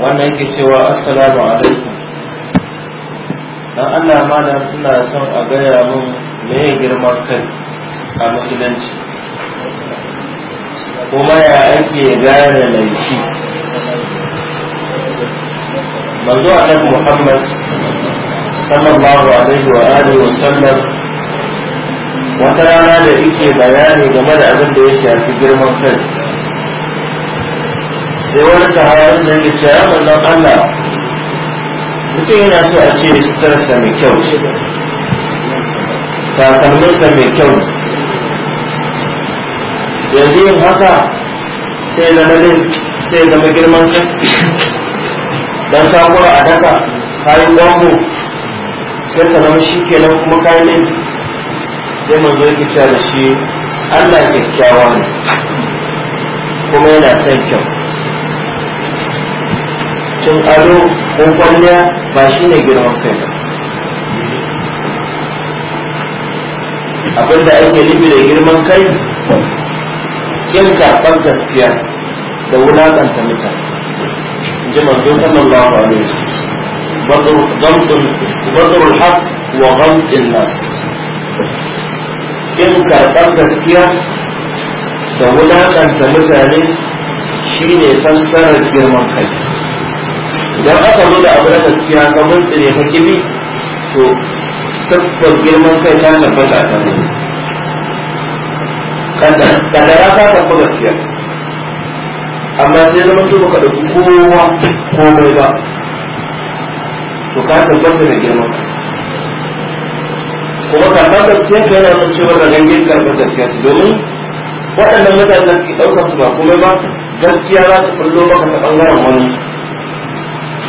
wannan yake cewa assalamu alaikum dan Allah malam suna son a gaya mun me ya girman kai a musulunci kuma ya ake gane laifi manzo annabi Muhammad sallallahu alaihi wa alihi wa sallam wata rana da yake bayani game da abin da ya shafi girman kai sai wani sahabin da yake cewa manzon Allah mutum yana so a ce sutarsa mai kyau ce takalminsa mai kyau yanzu yin haka sai zama sai zama girman kai don ka a daka kayan gwamnu sai ka zama shi kenan kuma kayan ne sai mazo yake cewa da shi Allah kyakkyawa ne kuma yana son kyau Kin ado don kwalliya ba shi ne girman kai ba abinda ake nufi da girman kai kin karɓar gaskiya da wulaƙanta mutane ji manzo sallallahu alaihi wasallam badr al-haq wa ghamd nas kin karɓar gaskiya da wulaƙanta mutane ne fassarar girman kai dan aka zo da abu na gaskiya kamar tsire ka kibi to tabbar girman kai ta tabbata ta ne kada kada ya ka tabbar gaskiya amma sai zama to ka da kowa komai ba to ka tabbata da girman kuma ta gaskiya ka yana nuna cewa gangan karɓar gaskiya su domin waɗannan mutanen da ke ɗaukar su ba komai ba gaskiya za ta kullo maka ta ɓangaren wani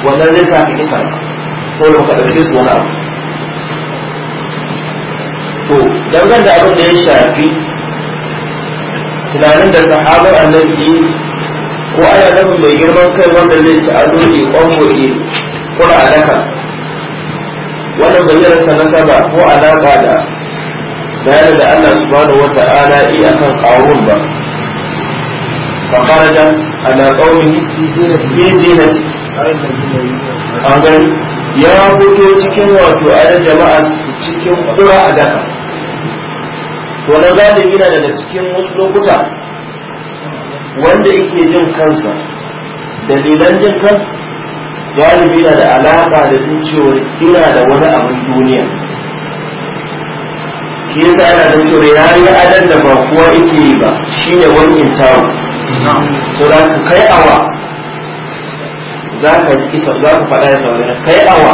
wannan zai sa ka ko da muka ɗauke su wani abu to dangan da abin da ya shafi tunanin da sahabar annabi ko ana nufin mai girman kai wanda zai ci ado ne kwango ne da alaka wannan na nasaba ko alaka da bayanin da Allah subhanahu wa ta'ala yi akan qarun ba fa kharaja ala qawmihi fi ciki. an ya fito cikin wato ayar jama'a cikin kura a daka to za galibi na daga cikin wasu lokuta wanda yake jin kansa dalilan jin kan galibi na da alaƙa da jin cewa ina da wani abin duniya ke yasa ana da cewa ya yi adan da ba kuwa yake yi ba shi ne wani intawo so da kai awa za ka ji kisa za ka faɗa ya saurara kai awa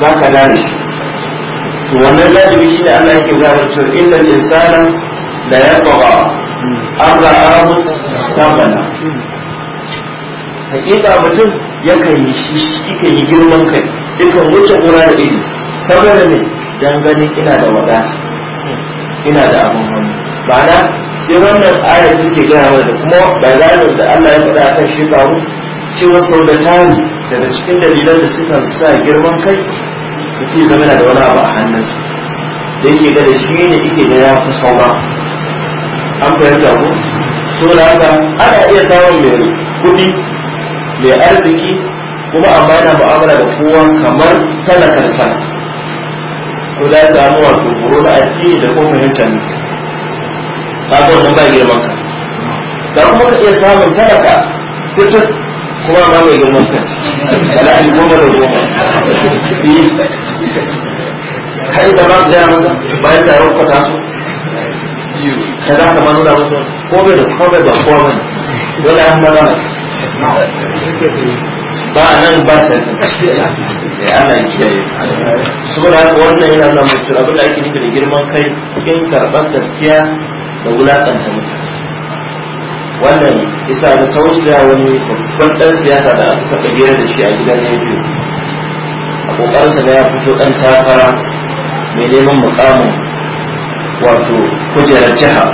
za ka gane shi to wannan ladabi shi ne Allah yake gane to inda insana da ya bawa an ra'a musu tabana hakika mutum yakan yi shi yakan yi girman kai duka wuce kura da ido saboda ne dan ganin ina da wada ina da abun hannu ba na sai wannan ayar ke gaya da kuma bayanin da Allah ya faɗa kan shi kawo cewa sau da tani daga cikin dalilan da suka sa girman kai mutum zama da wani abu a hannunsa da yake gada shi ne yake da ya fi saura an fahimta ko so da haka ana iya samun mai kuɗi mai arziki kuma amma yana mu'amala da kowa kamar talakarta ko da ya samu wato horo da addini da kuma fahimta ne ba ga ba girman ka za kuma ka iya samun talaka fitar kuma ma mai girman kai ala'i goma da goma kai da ba da masa bayan taron kwata su da za ka manu da Ko kome da kome ba kowa bane dole an ba ba a nan ba ta ya ana kiyaye da haka wannan yana nuna mutu abin da ake nufi da girman kai cikin karɓar gaskiya da wulaƙanta mutum wannan isa da tausaya wani babban ɗan siyasa da aka taɓa gina da shi a gidan rediyo a ƙoƙarinsa na ya fito ɗan takara mai neman mukamin wato kujerar jiha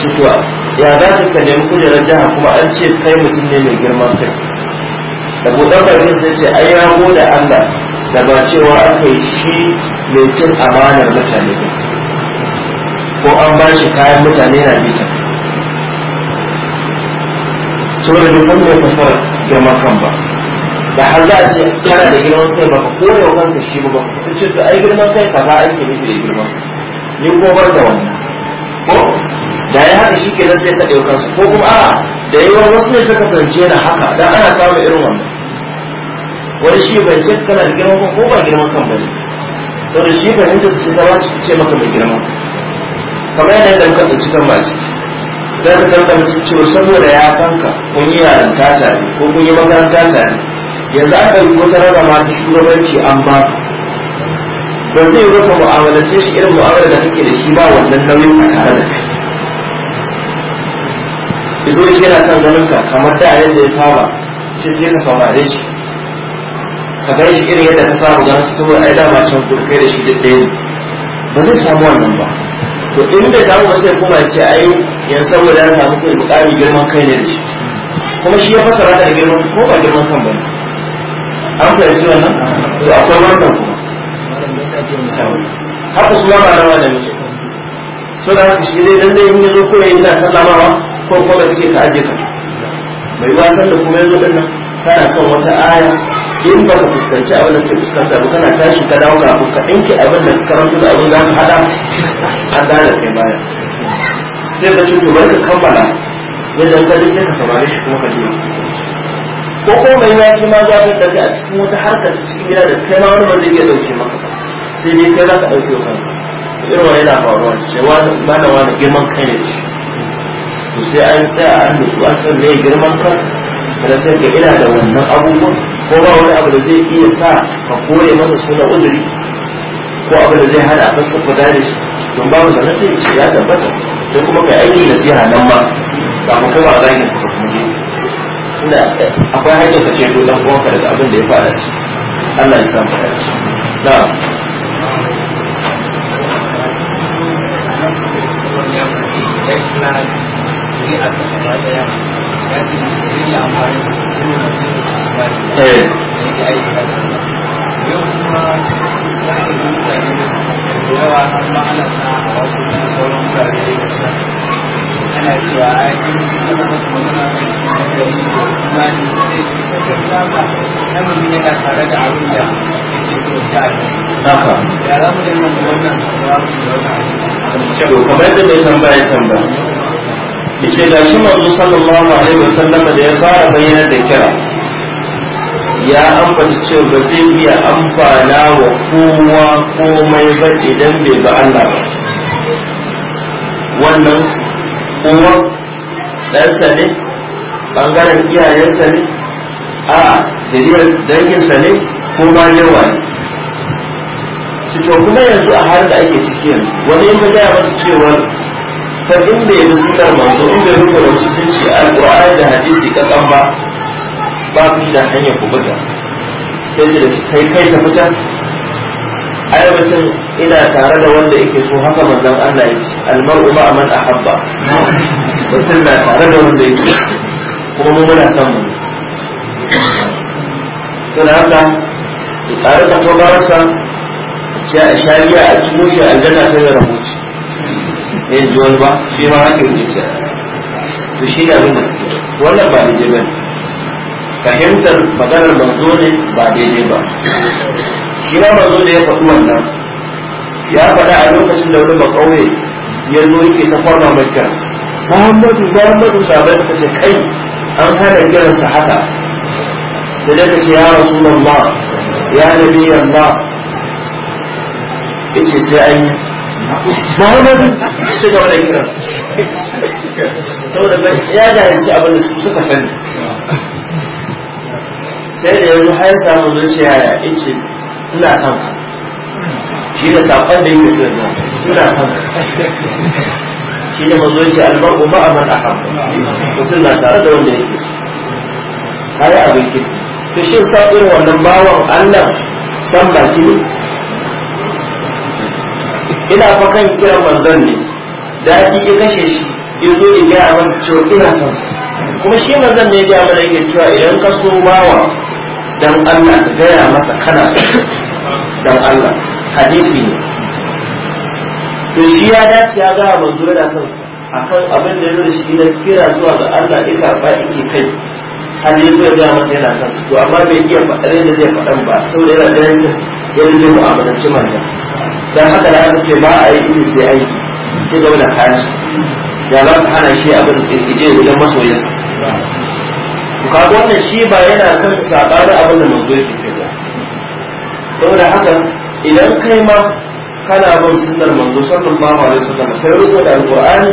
cikuwa ya za ka nemi kujerar jiha kuma an ce kai mutum ne mai girman kai da buɗar bakin sai ce ai ya da allah da ba cewa aka yi shi mai cin amanar mutane ko an ba shi kayan mutane na bitan saboda bai san mai fasara girman kan ba da har za a ce da girman kai ba kuma yau wa kanka shi ba ba ka ce to ai girman kai ka za a yi ne da girman ni ko bar da wannan ko da ya haka shi ke sai ka ɗauka su ko kuma a da yawa wasu ne suka kasance yana haka dan ana samun irin wannan wani shi bai ce kana da girman kan ko ba girman kan ba ne saboda shi fahimta su ce ta wace ce maka mai girman kamar yadda muka tsinci kan ba ciki sai ka karɓar cewa saboda ya san ka kun yi yaranta tare ko kun yi makaranta tare yanzu aka yi wata rarraba ta shugabanci an ba ba zai yi ka mu'amalance shi irin mu'amalar da kake da shi ba wannan nauyin a tare da kai izo shi yana son ganin ka kamar da yadda ya saba shi sai ka saurare shi ka bai shi irin yadda ka saba ganin su kuma ai dama can kurkai da shi duk ɗaya ne ba zai samu wannan ba to in bai samu ba sai kuma ce ai yanzu saboda ya samu kuɗi bukari girman kai ne da shi kuma shi ya fasara da girman ko ba girman kan ba an fahimci wannan to akwai wannan kuma haka su ba ma rawa da mutum so da haka shi dai lallai in zo ko yayin da sallamawa ko ko da kake ka aje ka bai wasan da kuma yanzu dinnan kana kan wata aya in ba ka fuskanci abin da kake fuskanta ba kana tashi ka dawo kafin ka ɗinke abin da ka karanta da abin da ka hada an da kai baya sai ka cuto bari ka kammala yadda ka ji sai ka saurare shi kuma ka ji ko ko mai ya ce ma za ka tafi a cikin wata harkar cikin gida da kai ma wani ba zai iya dauke maka ba sai dai kai za ka dauke wa kanka irin wani yana faruwa ce ba na wani girman kai ne shi to sai an tsaya an nutsu an san me girman kan da sai ka ina da wannan abubuwan ko ba wani abu da zai iya sa ka kore masa suna uzuri ko abu da zai hana ka su gane shi don babu sana sai ce ya tabbata sai kuma kai aiki siya nan ma ba mu koma zagin su kuma je tunda akwai hanyar ka ce kuma ka daga abin da ya fara shi Allah ya san fara ci na. Eh. yawa an ma'anarsa a wasu da sauran wurare da kasa ana cewa a yi kuma masu magana da da imani da zai ke kasar sama namun yana tare da abin da yake so ta ya za mu da yawan wannan sauran da wannan cewa kamar tambaya da shi sallallahu alaihi wasallam da ya fara bayyana da kira ya ambata ce ba zai iya amfana wa kowa komai ba idan bai ba Allah ba wannan kowa ɗansa ne ɓangaren iyayensa ne a jiriyar danginsa ne ko ba yawa ne cikin kuma yanzu a har da ake ciki yanzu wani in ka gaya masa cewar fa inda ya bi sunar manzo in bai rubuta cikin ci alƙur'ani da hadisi kaɗan ba babu shi da hanyar kubuta sai da kai kai ta fita ai mutum ina tare da wanda yake so haka manzon Allah yake almar'u ma man ahabba mutum na tare da wanda yake kuma mu muna son mu to da haka ki tare da kokarsa ki a shari'a a cikin shi aljanna sai da rahoci ne ji wani ba shi ma haka yake to shi da abin da suke wannan ba ne bane fahimtar maganar manzo ne ba daidai ba shi ma manzo da ya faɗi wannan ya faɗa a lokacin da wani bakauye ya zo yake ta kwarma mai kira muhammadu muhammadu sabai suka ce kai an hana kiransa haka sai da ka ce ya rasu ma ya nabi yamma ya ce sai an yi muhammadu ci gaba da kiran saboda ya jahilci abin da suka sani sai da yanzu har samu zuciya ya ce ina son ka shi da saƙon da yake zuwa ina son ka shi da mazo yake albarku ma aman a kan mutum na tare da wanda yake yi abin ki to shi sa irin wannan bawan Allah san baki ne ina fa kan kiran manzon ne Da ake ya kashe shi ya zo ya gaya masa cewa ina son sa kuma shi manzon ne ya gaya mana yake cewa idan ka so bawa dan Allah ka gaya masa kana dan Allah hadisi ne to shi ya dace ya ga manzo da san akan abin da yake shi na kira zuwa ga Allah ika ba yake kai har yanzu ya gaya masa yana san to amma bai iya faɗar da zai faɗan ba saboda yana da yanzu zai mu'amalanci manzo dan haka da aka ce ba a yi ilimi sai aiki sai ga wani kashi da za su hana shi abin da ke je wajen masoyinsa kaga wannan shi ba yana son da abin da manzo yake kai ba saboda haka idan kai ma kana bin sunnar manzo sallallahu alaihi wasallam kai ruko da alqur'ani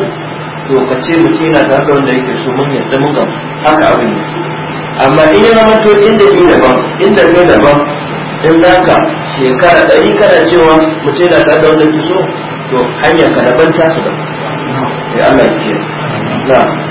to ka ce ce na tare da wanda yake so mun yadda muka haka abin ne amma in ya zama to inda ni daban inda kai daban in naka shekara ɗari kana cewa ce na tare da wanda yake so to hanyar ka daban tasu daban sai Allah ya kiyaye na'am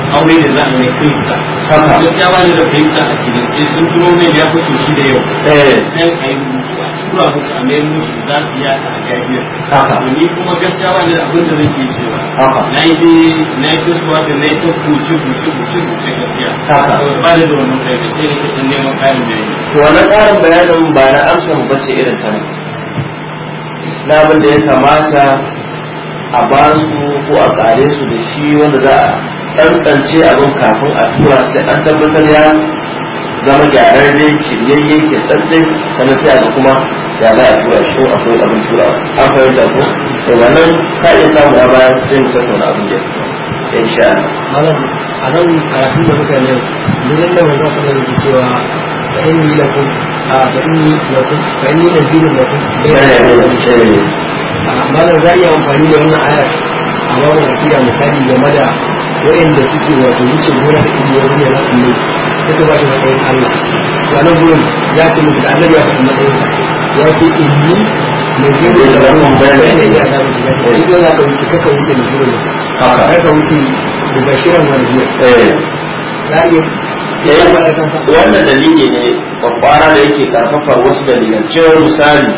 aure da za a mai kirista haka gaskiya ba ni da fahimta a cikin sai sun turo min ya fito shi da yau eh sai a yi rubutu a tura ku a mai mutu za su yi a gajiyar haka ni kuma gaskiya ba ni da abin da zan ke cewa haka na yi na yi kusurwa da na yi ta ku ci ku kuce gaskiya haka ba da wannan fahimta sai ne ta ɗan neman ƙarin bayani to wannan karin bayanin ba na amsa mu bace irin ta na abin da ya kamata a ba su ko a kare su da shi wanda za a tsantsance abin kafin a tura sai an tabbatar ya zama gyaran ne shiryayye ke tsantsi sannan sai a kuma ya za a tura shi a akwai abin tura an fahimta ko to wannan ka iya samu ya bayan sai mu tattauna abin da ya sha malam a nan karatun da muka yau lulun da manzo sallallahu alaihi cewa fa inni lakum fa inni lakum fa inni nazirun lakum bayan malam za a iya amfani da wannan ayar a babin akida misali game da waɗanda suke wato wuce gona da iri wajen yana ne ta ce ba shi matsayin Allah to a nan gurin ya ce musu da annabi ya faɗi matsayin ya ce inni mai gero da wannan bayanin da ya samu gida ta idan za ka wuce kaka wuce mai gero da kaka wuce da bashiran wani eh. za iya eh, wannan dalili ne babbara da yake karfafa wasu dalilan cewar misali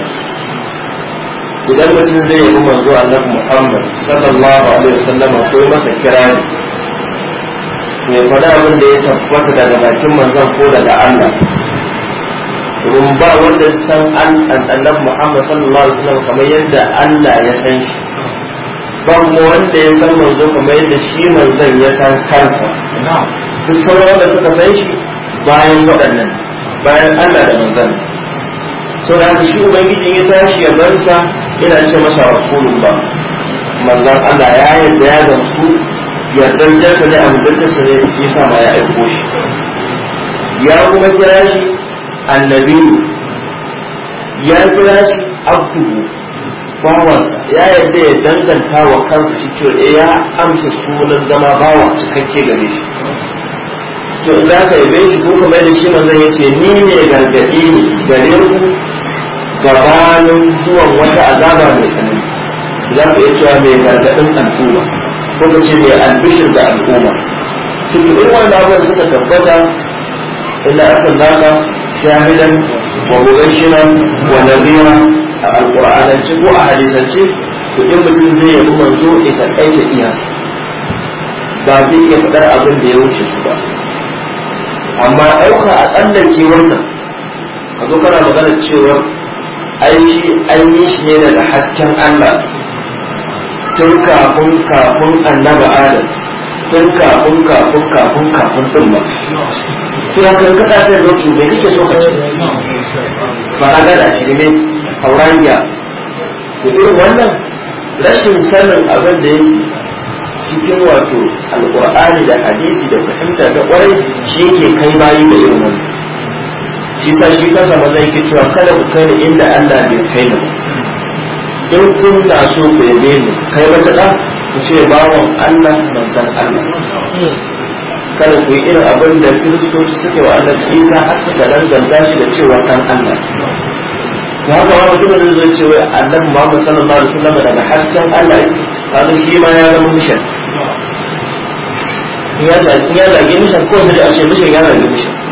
idan mutum zai yi manzo annabi Muhammad sallallahu alaihi wasallam ko masa kirani ne faɗa abin da ya tabbata daga bakin manzon ko daga Allah domin ba wanda san annabi Muhammad sallallahu alaihi wasallam kamar yadda Allah ya san shi ba mu wanda ya san manzo kamar yadda shi manzon ya san kansa duk sauran wanda suka san shi bayan waɗannan bayan Allah da manzon sau da haka shi ubangiji ya tashi ya barsa Ina ce masa rasulullah manzan Allah ya yarda ya gamsu yardantarsa ne amintarsa ne ya sa ma ya aiko shi ya kuma kira shi annabi ya kira shi abdu bawansa ya yarda ya danganta wa kansa shi da eh, ya amsa sunan zama bawa cikakke gare shi to za ka bai shi ko kamar da shi manzan ya ce ni ne gargaɗi ne gare ku gabanin zuwan wata azaba mai tsanani za ku iya cewa mai gargaɗin al'umma ko ka ce mai albishir da al'umma tun irin wanda abubuwan suka tabbata inda aka zaka shahidan wa mubashiran wa a alƙur'anance ko a hadisance to in mutum zai yabi manzo ya karɓai iya ba zai iya faɗar abin da ya wuce su ba amma ɗauka a tsallake wannan ka zo kana magana cewar an yi shi ne daga hasken Allah tun kafin kafin annaba Adam tun kafin kafin kafin kafin din ba to da kan kada sai roki me kake so ka ce ba a gada shi ne hauraniya to irin wannan rashin sanin abin da yake cikin wato alqur'ani da hadisi da fahimta da kwarai shi yake kai bayi da irin wannan shi sa shi kansa maza yake cewa kada ku kai ni inda Allah bai kai ni in kun da so ku yabe ni kai mata da ku ce bawon Allah manzan Allah kada ku yi irin abin da kiristoci suke wa Allah Isa har suka danganta shi da cewa kan Allah to haka wani mutum da zai ce wai annabi Muhammad sallallahu alaihi wasallam daga hakkan Allah kaga shi ma ya zama mishan ya zagi mishan ko sai a ce mishan ya zagi mishan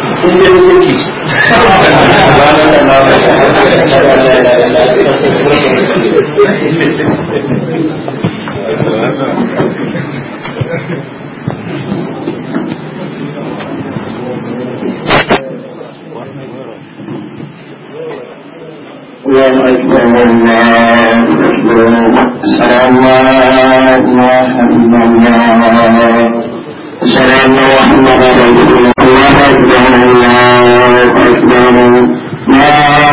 Allah'a emanet olun. I know Allahumma rabbana